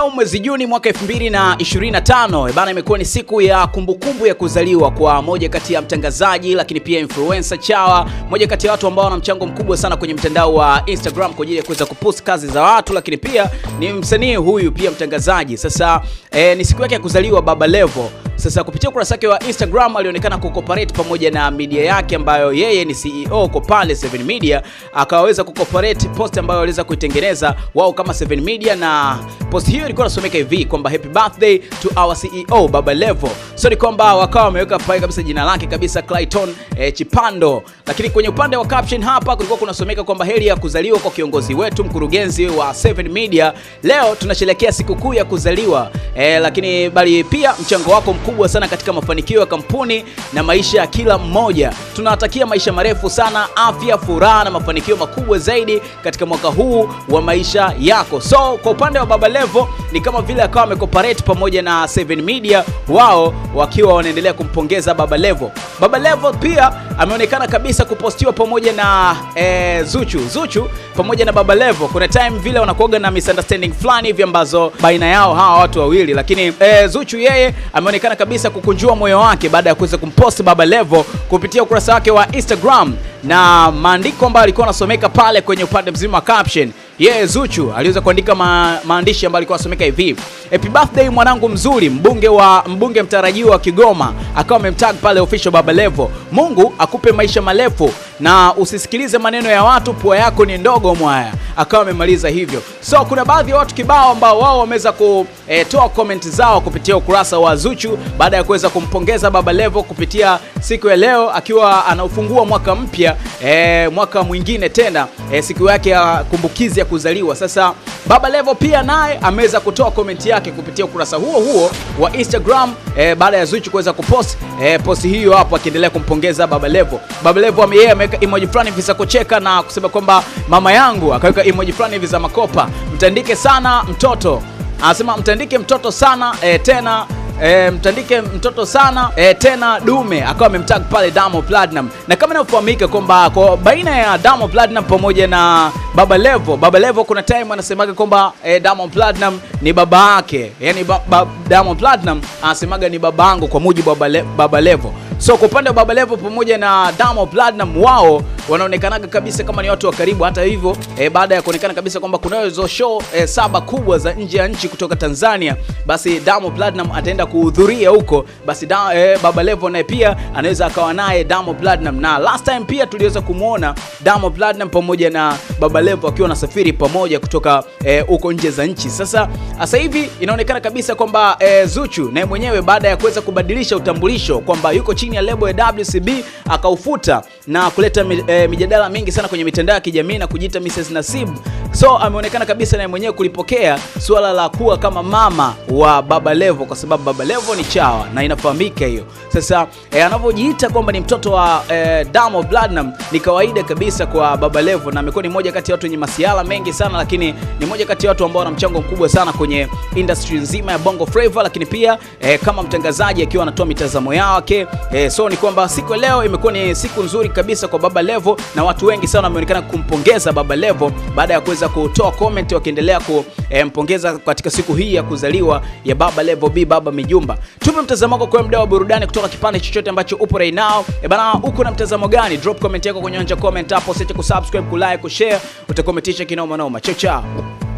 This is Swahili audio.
leo mwezi Juni mwaka 2025 eh, bana, imekuwa ni siku ya kumbukumbu kumbu ya kuzaliwa kwa moja kati ya mtangazaji lakini pia influencer Chawa, moja kati ya watu ambao wana mchango mkubwa sana kwenye mtandao wa Instagram kwa ajili ya kuweza kupost kazi za watu, lakini pia ni msanii huyu pia mtangazaji. Sasa eh, ni siku yake ya kuzaliwa Baba Levo. Sasa kupitia ukurasa wake wa Instagram alionekana kucooperate pamoja na media yake ambayo yeye ni CEO kwa pale 7 Media, akaweza kucooperate post ambayo aliweza kuitengeneza wao kama 7 Media, na post hiyo ilikuwa inasomeka hivi kwamba happy birthday to our CEO Baba Levo. So ni kwamba wakawa wameweka pale kabisa jina lake kabisa Clayton eh, Chipando, lakini kwenye upande wa caption hapa kulikuwa kunasomeka kwamba heri ya kuzaliwa kwa kiongozi wetu mkurugenzi wa 7 Media, leo tunasherehekea sikukuu ya kuzaliwa eh, lakini bali pia mchango wako mkuu kubwa sana katika mafanikio ya kampuni na maisha ya kila mmoja. Tunawatakia maisha marefu sana, afya, furaha na mafanikio makubwa zaidi katika mwaka huu wa maisha yako. So kwa upande wa Baba Levo ni kama vile akawa amecooperate pamoja na Seven Media, wao wakiwa wanaendelea kumpongeza Baba Levo. Baba Levo pia ameonekana kabisa kupostiwa pamoja na e, Zuchu Zuchu pamoja na Baba Levo. Kuna time vile wanakuoga na misunderstanding fulani hivi ambazo baina yao hawa watu wawili, lakini e, Zuchu yeye ameonekana kabisa kukunjua moyo wake baada ya kuweza kumpost Baba Levo kupitia ukurasa wake wa Instagram na maandiko ambayo alikuwa anasomeka pale kwenye upande mzima wa caption, yeye Zuchu aliweza kuandika ma, maandishi ambayo alikuwa anasomeka hivi Happy birthday mwanangu mzuri, mbunge wa mbunge mtarajiwa wa Kigoma, akawa amemtag pale official Baba Levo. Mungu akupe maisha marefu na usisikilize maneno ya watu, pua yako ni ndogo mwaya, akawa amemaliza hivyo. So kuna baadhi ya watu kibao ambao wao wameweza kutoa eh, e, comment zao kupitia ukurasa wa Zuchu baada ya kuweza kumpongeza Baba Levo kupitia siku ya leo akiwa anaufungua mwaka mpya e, mwaka mwingine tena e, siku yake ya kumbukizi ya kuzaliwa. Sasa Baba Levo pia naye ameweza kutoa comment yake yake kupitia ukurasa huo huo wa Instagram e, baada ya Zuchu kuweza kupost e, post hiyo hapo akiendelea kumpongeza Baba Levo. Baba Levo yeye ameweka emoji fulani hivi za kucheka na kusema kwamba mama yangu, akaweka emoji fulani hivi za makopa, mtandike sana mtoto, anasema mtandike mtoto sana e, tena e, mtandike mtoto sana e, tena dume, akawa amemtag pale damo Platinum, na kama inavyofahamika kwamba kwa baina ya damo Platinum pamoja na Baba Levo, Baba Levo kuna time anasemaga kwamba e, eh, damo Platinum ni baba yake, yani ba, ba, damo Platinum anasemaga ni baba yangu, kwa mujibu wa Baba Levo. So kwa upande wa Baba Levo pamoja na damo Platinum wao wanaonekanaga kabisa kama ni watu wa karibu. Hata hivyo e, baada ya kuonekana kabisa kwamba kunazo show e, saba kubwa za nje ya nchi kutoka Tanzania, basi damo platinum ataenda kuhudhuria huko, basi da, e, Baba Levo naye pia anaweza akawa naye damo platinum Na last time pia tuliweza kumwona damo platinum pamoja na Baba Levo akiwa anasafiri pamoja kutoka huko e, nje za nchi. Sasa ah, sasa hivi inaonekana kabisa kwamba e, Zuchu naye mwenyewe baada ya kuweza kubadilisha utambulisho kwamba yuko chini ya lebo ya WCB akaufuta na kuleta eh, mijadala mingi sana kwenye mitandao ya kijamii na kujiita Mrs Nasibu So ameonekana kabisa naye mwenyewe kulipokea suala la kuwa kama mama wa Baba Levo, kwa sababu Baba Levo ni chawa na inafahamika hiyo. Sasa e, anavyojiita kwamba ni mtoto wa e, Diamond Bloodnam ni kawaida kabisa kwa Baba Levo, na amekuwa ni moja kati ya watu wenye masiala mengi sana, lakini ni moja kati ya watu ambao wana mchango mkubwa sana kwenye industry nzima ya Bongo Flava, lakini pia e, kama mtangazaji akiwa anatoa mitazamo yake eh, so ni kwamba siku leo imekuwa ni siku nzuri kabisa kwa Baba Levo na watu wengi sana wameonekana kumpongeza Baba Levo baada ya kuweza wameweza kutoa comment wakiendelea kumpongeza eh, katika siku hii ya kuzaliwa ya Baba Levo B, Baba Mijumba. Tupe mtazamo wako kwa mdao wa burudani kutoka kipande chochote ambacho upo right now. E bana, uko na mtazamo gani? Drop comment yako kwenye anja comment hapo, usiache kusubscribe, kulike, kushare, utakometisha kinoma noma. Chao chao.